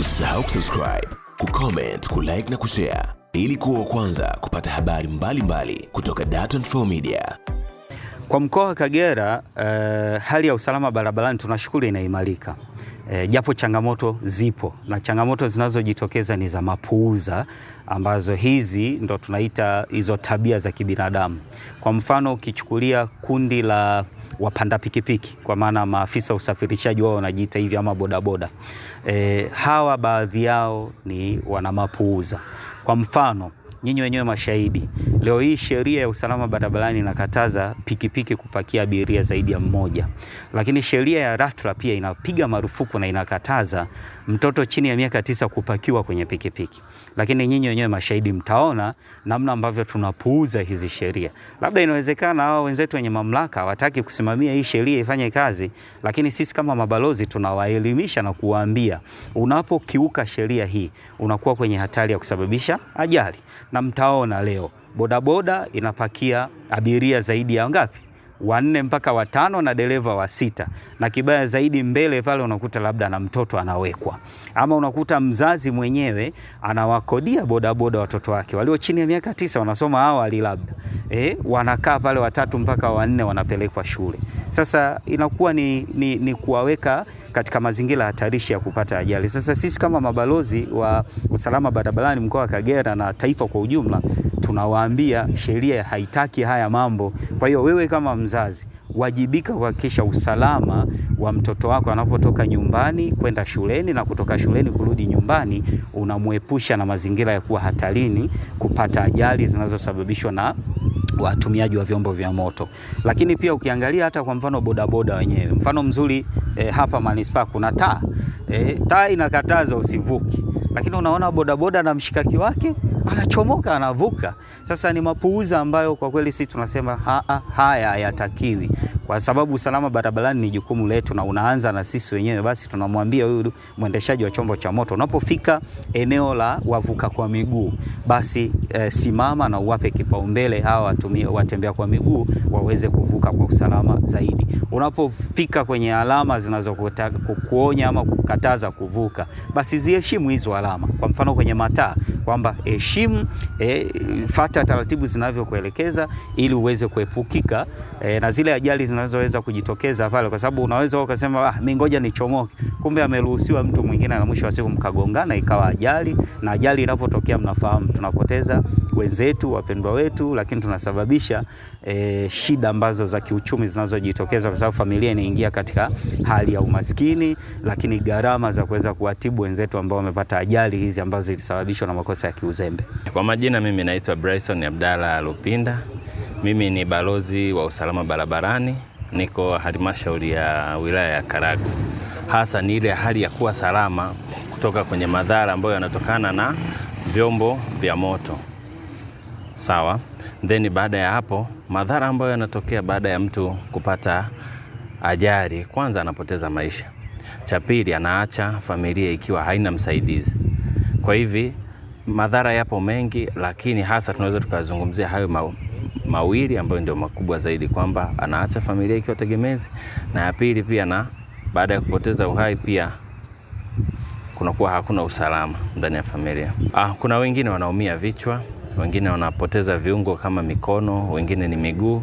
Usisahau kusubscribe, kucomment, kulike na kushare ili kuwa wa kwanza kupata habari mbalimbali mbali kutoka Dar24 Media. Kwa mkoa wa Kagera eh, hali ya usalama barabarani tunashukuru inaimarika. Eh, japo changamoto zipo na changamoto zinazojitokeza ni za mapuuza, ambazo hizi ndo tunaita hizo tabia za kibinadamu. Kwa mfano ukichukulia kundi la wapanda pikipiki kwa maana maafisa usafirishaji wao wanajiita hivi ama bodaboda. E, hawa baadhi yao ni wanamapuuza. Kwa mfano nyinyi wenyewe mashahidi, leo hii sheria ya usalama barabarani inakataza pikipiki kupakia abiria zaidi ya mmoja, lakini sheria ya LATRA pia inapiga marufuku na inakataza mtoto chini ya miaka tisa kupakiwa kwenye pikipiki. Lakini nyinyi wenyewe mashahidi, mtaona namna ambavyo tunapuuza hizi sheria. Labda inawezekana hao wenzetu wenye mamlaka hawataki kusimamia hii sheria ifanye kazi, lakini sisi kama mabalozi tunawaelimisha na kuwaambia unapokiuka sheria hii unakuwa kwenye hatari ya kusababisha ajali na mtaona leo bodaboda inapakia abiria zaidi ya ngapi? wanne mpaka watano na dereva wa sita, na kibaya zaidi mbele pale unakuta labda na mtoto anawekwa, ama unakuta mzazi mwenyewe anawakodia bodaboda watoto wake walio chini ya miaka tisa, wanasoma awali labda e, wanakaa pale watatu mpaka wanne wanapelekwa shule. Sasa inakuwa ni, ni, ni kuwaweka katika mazingira hatarishi ya kupata ajali. Sasa sisi kama mabalozi wa usalama barabarani mkoa wa Kagera na taifa kwa ujumla, tunawaambia sheria haitaki haya mambo. Kwa hiyo wewe kama mzazi, mzazi, wajibika kuhakikisha usalama wa mtoto wako anapotoka nyumbani kwenda shuleni na kutoka shuleni kurudi nyumbani, unamwepusha na mazingira ya kuwa hatarini kupata ajali zinazosababishwa na watumiaji wa vyombo vya moto. Lakini pia ukiangalia hata kwa mfano bodaboda wenyewe, mfano mzuri e, hapa manispaa kuna taa e, taa inakataza usivuki, lakini unaona bodaboda na mshikaki wake anachomoka anavuka. Sasa ni mapuuza ambayo kwa kweli sisi tunasema ha -ha, haya hayatakiwi, kwa sababu usalama barabarani ni jukumu letu na unaanza na sisi wenyewe. Basi tunamwambia huyu mwendeshaji wa chombo cha moto, unapofika eneo la wavuka kwa miguu, basi e, simama na uwape kipaumbele hawa watumie watembea kwa miguu waweze kuvuka kwa usalama zaidi. Unapofika kwenye alama zinazokuonya ama kukataza kuvuka, basi ziheshimu hizo alama, kwa mfano kwenye mataa kwamba heshimu e, eh, fata taratibu zinavyokuelekeza ili uweze kuepukika e, na zile ajali zinazoweza kujitokeza pale, kwa sababu unaweza ukasema ah, mimi ngoja nichomoke, kumbe ameruhusiwa mtu mwingine, na mwisho wa siku mkagongana ikawa ajali. Na ajali inapotokea, mnafahamu tunapoteza wenzetu, wapendwa wetu, lakini tunasababisha e, shida ambazo za kiuchumi zinazojitokeza kwa sababu familia inaingia katika hali ya umaskini, lakini gharama za kuweza kuwatibu wenzetu ambao wamepata ajali hizi ambazo zilisababishwa na makosa ya kiuzembe. Kwa majina, mimi naitwa Bryson Abdalla Lupinda, mimi ni balozi wa usalama barabarani, niko halmashauri ya wilaya ya Karagwe. Hasa ni ile hali ya kuwa salama kutoka kwenye madhara ambayo yanatokana na vyombo vya moto sawa. Then baada ya hapo, madhara ambayo yanatokea baada ya mtu kupata ajali, kwanza anapoteza maisha, cha pili anaacha familia ikiwa haina msaidizi. Kwa hivi madhara yapo mengi, lakini hasa tunaweza tukazungumzia hayo ma mawili ambayo ndio makubwa zaidi, kwamba anaacha familia ikiwa tegemezi, na ya pili pia, na baada ya kupoteza uhai pia kunakuwa hakuna usalama ndani ya familia. Ah, kuna wengine wanaumia vichwa wengine wanapoteza viungo kama mikono, wengine ni miguu.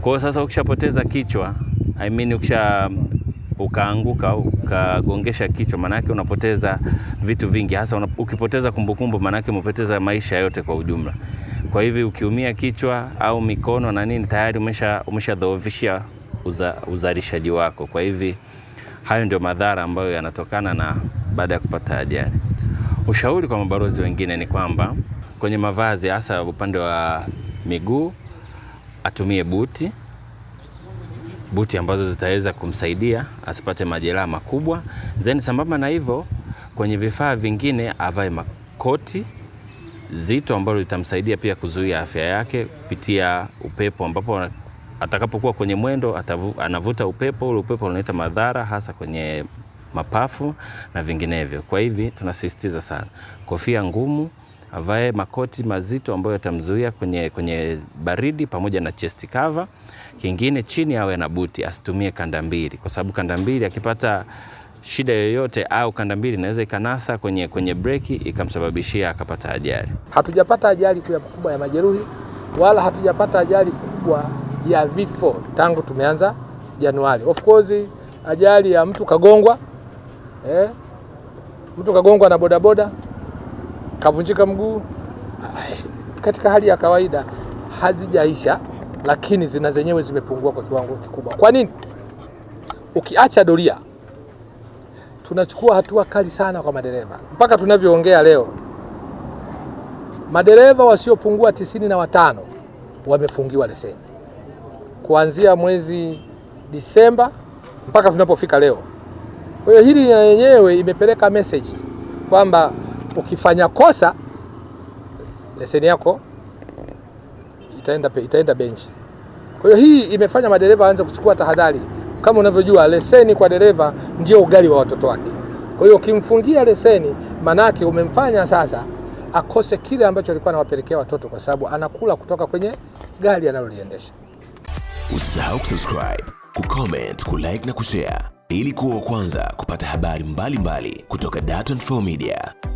Kwa hiyo sasa ukishapoteza kichwa I mean, ukisha ukaanguka ukagongesha kichwa, maanake unapoteza vitu vingi, hasa una, ukipoteza kumbukumbu, maanake umepoteza maisha yote kwa ujumla. Kwa hivyo ukiumia kichwa au mikono na nini, tayari umeshadhoofisha uza, uzalishaji wako. Kwa hivyo hayo ndio madhara ambayo yanatokana na baada ya kupata ajali. Ushauri kwa mabalozi wengine ni kwamba Kwenye mavazi, hasa upande wa miguu, atumie buti, buti ambazo zitaweza kumsaidia asipate majeraha makubwa. Then sambamba na hivyo, kwenye vifaa vingine avae makoti zito ambalo litamsaidia pia kuzuia afya yake kupitia upepo, ambapo atakapokuwa kwenye mwendo atavu, anavuta upepo ule, upepo unaleta madhara hasa kwenye mapafu na vinginevyo. Kwa hivi tunasisitiza sana kofia ngumu avae makoti mazito ambayo yatamzuia kwenye, kwenye baridi pamoja na chest cover. Kingine chini awe na buti, asitumie kanda mbili, kwa sababu kanda mbili akipata shida yoyote au kanda mbili inaweza ikanasa kwenye, kwenye breki ikamsababishia akapata ajali. Hatujapata ajali kubwa ya majeruhi wala hatujapata ajali kubwa ya vifo tangu tumeanza Januari. Of course ajali ya mtu kagongwa eh, mtu kagongwa na bodaboda kavunjika mguu katika hali ya kawaida hazijaisha, lakini zina zenyewe zimepungua kwa kiwango kikubwa. Kwa nini? Ukiacha doria, tunachukua hatua kali sana kwa madereva. Mpaka tunavyoongea leo, madereva wasiopungua tisini na watano wamefungiwa leseni kuanzia mwezi Disemba mpaka tunapofika leo. Kwa hiyo hili na yenyewe imepeleka meseji kwamba ukifanya kosa leseni yako itaenda, itaenda benchi. Kwa hiyo hii imefanya madereva waanze kuchukua tahadhari. Kama unavyojua leseni kwa dereva ndio ugali wa watoto wake. Kwa hiyo ukimfungia leseni, manake umemfanya sasa akose kile ambacho alikuwa anawapelekea watoto, kwa sababu anakula kutoka kwenye gari analoliendesha. Usisahau kusubscribe, kucomment, kulike na kushare ili kuwa wa kwanza kupata habari mbalimbali mbali kutoka Dar24 Media.